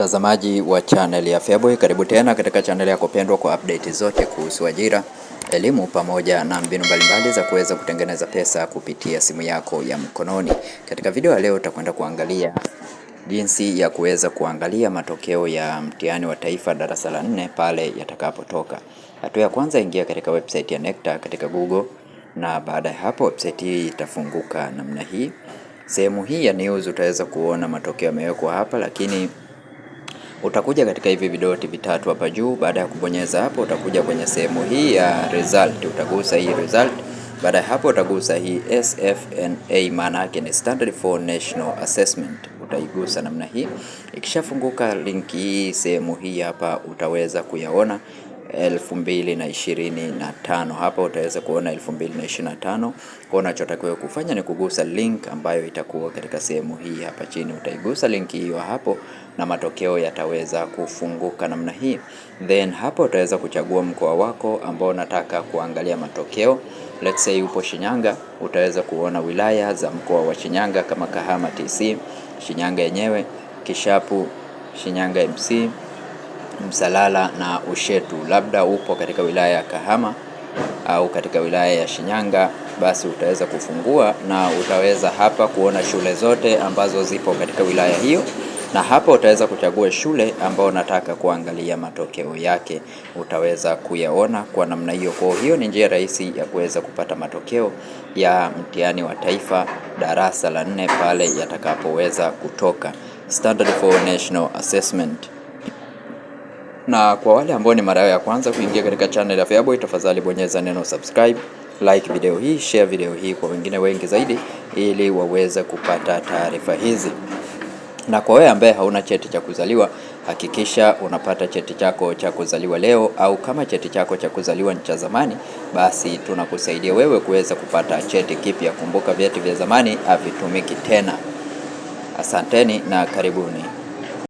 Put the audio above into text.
Mtazamaji wa channel ya Feaboy, karibu tena katika channel yako pendwa kwa update zote kuhusu ajira, elimu pamoja na mbinu mbalimbali za kuweza kutengeneza pesa kupitia simu yako ya mkononi. Katika video ya leo tutakwenda kuangalia jinsi ya kuweza kuangalia matokeo ya mtihani wa taifa darasa la nne pale yatakapotoka. Hatua ya kwanza, ingia katika website ya NECTA katika Google, na baada ya hapo website hii itafunguka namna hii. Sehemu hii ya news utaweza kuona matokeo yamewekwa hapa, lakini Utakuja katika hivi vidoti vitatu hapa juu. Baada ya kubonyeza hapo, utakuja kwenye sehemu hii ya result, utagusa hii result. Baada ya hapo, utagusa hii SFNA, maana yake ni standard for national assessment. Utaigusa namna hii, ikishafunguka linki hii sehemu hii hapa, utaweza kuyaona 2025. Hapa utaweza kuona 2025. Kwa unachotakiwa kufanya ni kugusa link ambayo itakuwa katika sehemu hii hapa chini. Utaigusa link hiyo hapo na matokeo yataweza kufunguka namna hii. Then hapo utaweza kuchagua mkoa wako ambao unataka kuangalia matokeo. Let's say upo Shinyanga, utaweza kuona wilaya za mkoa wa Shinyanga kama Kahama TC, Shinyanga yenyewe, Kishapu, Shinyanga MC Msalala na Ushetu. Labda upo katika wilaya ya Kahama au katika wilaya ya Shinyanga, basi utaweza kufungua na utaweza hapa kuona shule zote ambazo zipo katika wilaya hiyo, na hapa utaweza kuchagua shule ambayo unataka kuangalia matokeo yake, utaweza kuyaona kwa namna hiyo. Kwa hiyo ni njia rahisi ya kuweza kupata matokeo ya mtihani wa taifa darasa la nne pale yatakapoweza kutoka Standard for National Assessment na kwa wale ambao ni mara ya kwanza kuingia katika channel ya Feaboy, tafadhali bonyeza neno subscribe, like video hii, share video hii kwa wengine wengi zaidi, ili waweze kupata taarifa hizi. Na kwa wewe ambaye hauna cheti cha kuzaliwa, hakikisha unapata cheti chako cha kuzaliwa leo, au kama cheti chako cha kuzaliwa ni cha zamani, basi tunakusaidia wewe kuweza kupata cheti kipya. Kumbuka, vyeti vya zamani havitumiki tena. Asanteni na karibuni.